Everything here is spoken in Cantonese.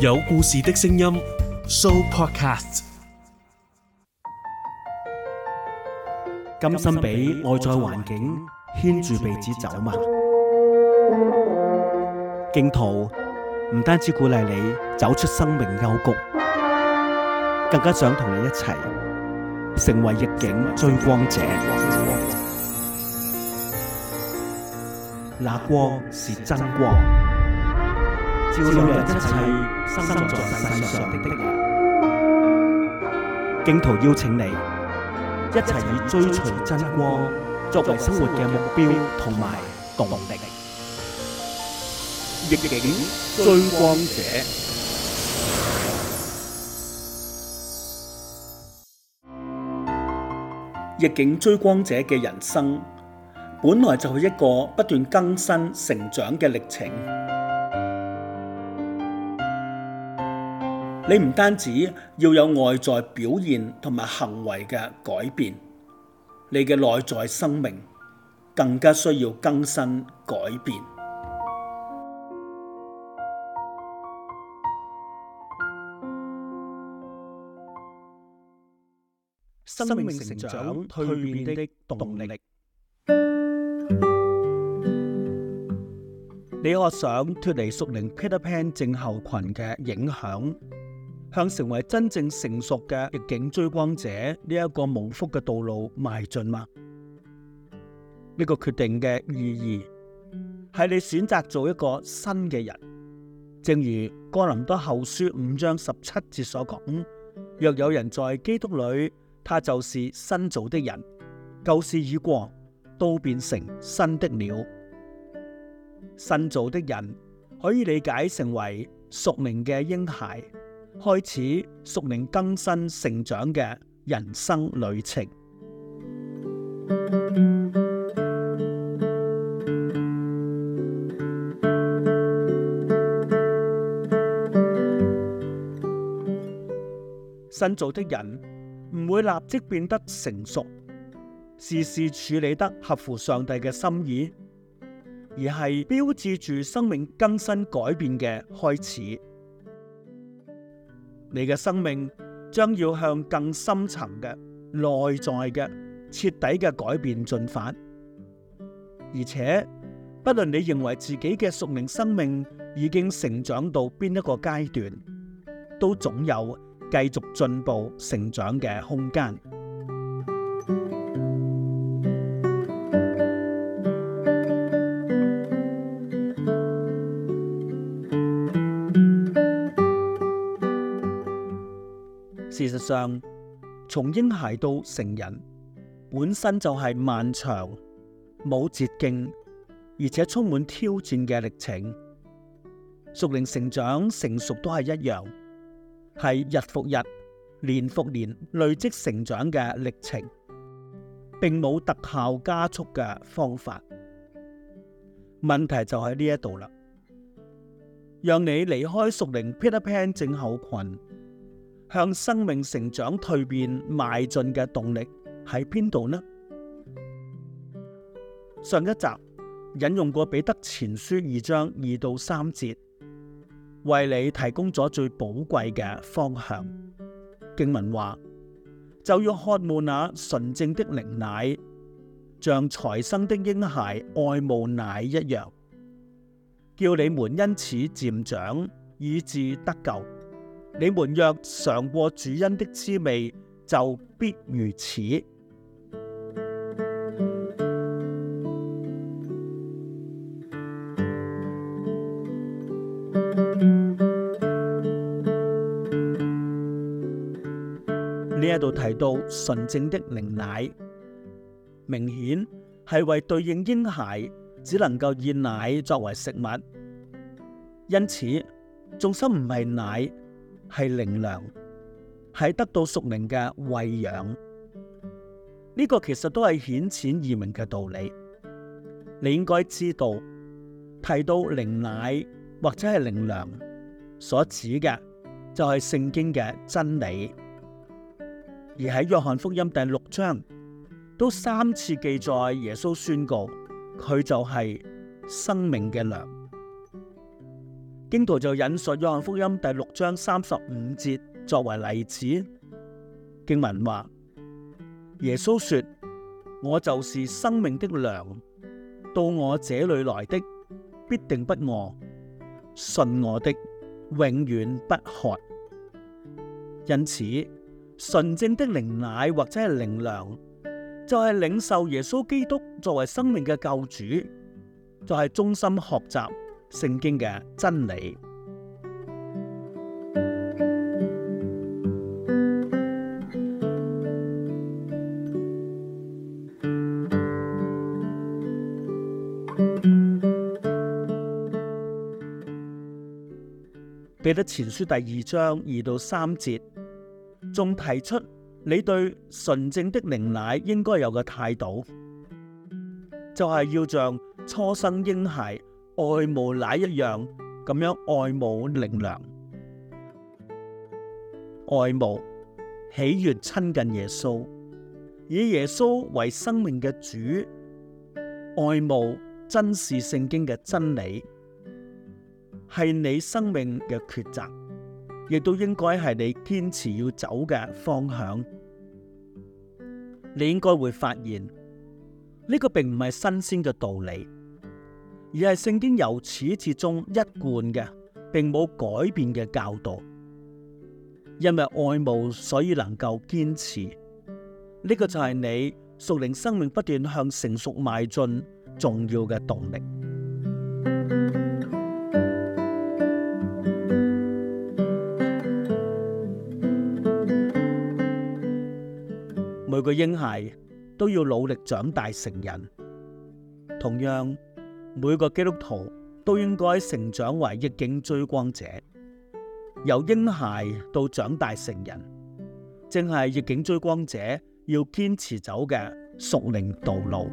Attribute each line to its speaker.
Speaker 1: 有故事的聲音，Sooo Podcast。甘心俾外在環境牽住鼻子走嘛？荊徒唔單止鼓勵你走出生命幽谷，更加想同你一齊成為逆境追光者。那光是真光。照亮一切生在世上的人，荊徒邀請你一齊以追隨真光作為生活嘅目標同埋動力。逆境追光者，逆境追光者嘅人生本來就係一個不斷更新成長嘅歷程。你唔單止要有外在表現同埋行為嘅改變，你嘅內在生命更加需要更新改變。生命成長蛻變的動力，你可想脱離屬靈 Peter Pan 症候群嘅影響？向成為真正成熟嘅逆境追光者呢一個無福嘅道路邁進嗎？呢、這個決定嘅意義係你選擇做一個新嘅人，正如哥林多後書五章十七節所講：若有人在基督裏，他就是新造的人，舊事已過，都變成新的了。新造的人可以理解成為屬靈嘅嬰孩。開始屬靈更新成長嘅人生旅程。新造的人唔會立即變得成熟，事事處理得合乎上帝嘅心意，而係標誌住生命更新改變嘅開始。你嘅生命將要向更深層嘅內在嘅徹底嘅改變進發，而且不論你認為自己嘅屬靈生命已經成長到邊一個階段，都總有繼續進步成長嘅空間。事實上，從嬰孩到成人本身就係漫長、冇捷徑，而且充滿挑戰嘅歷程。熟齡成長成熟都係一樣，係日復日、年復年累積成長嘅歷程，並冇特效加速嘅方法。問題就喺呢一度啦，讓你離開熟齡 Peter Pan 症候群。向生命成長蛻變邁進嘅動力喺邊度呢？上一集引用過彼得前書二章二到三節，為你提供咗最寶貴嘅方向。經文話就要渴慕那純正的靈奶，像才生的嬰孩愛慕奶一樣，叫你們因此漸長，以致得救。你們若嘗過主恩的滋味，就必如此。呢一度提到純正的靈奶，明顯係為對應嬰孩，只能夠以奶作為食物，因此重心唔係奶。係靈糧，係得到屬靈嘅餵養，呢、這個其實都係顯淺易明嘅道理。你應該知道，提到靈奶或者係靈糧所指嘅，就係、是、聖經嘅真理。而喺約翰福音第六章，都三次記載耶穌宣告，佢就係生命嘅糧。經台就引述約翰福音第六章三十五節作為例子，經文話：耶穌說：我就是生命的糧，到我這裏來的必定不餓，信我的，永遠不渴。因此，純正的靈奶或者係靈糧，就係、是、領受耶穌基督作為生命嘅救主，就係、是、忠心學習。聖經嘅真理，彼得前書第二章二到三節，仲提出你對純淨的靈奶應該有個態度，就係、是、要像初生嬰孩。愛慕奶一樣，咁樣愛慕靈糧，愛慕喜悅親近耶穌，以耶穌為生命嘅主，愛慕珍視聖經嘅真理，係你生命嘅抉擇，亦都應該係你堅持要走嘅方向。你應該會發現呢、這個並唔係新鮮嘅道理。而係聖經由始至終一貫嘅，並冇改變嘅教導。因為愛慕，所以能夠堅持。呢、這個就係你屬靈生命不斷向成熟邁進重要嘅動力。每個嬰孩都要努力長大成人，同樣。每個基督徒都應該成長為逆境追光者，由嬰孩到長大成人，正係逆境追光者要堅持走嘅屬靈道路。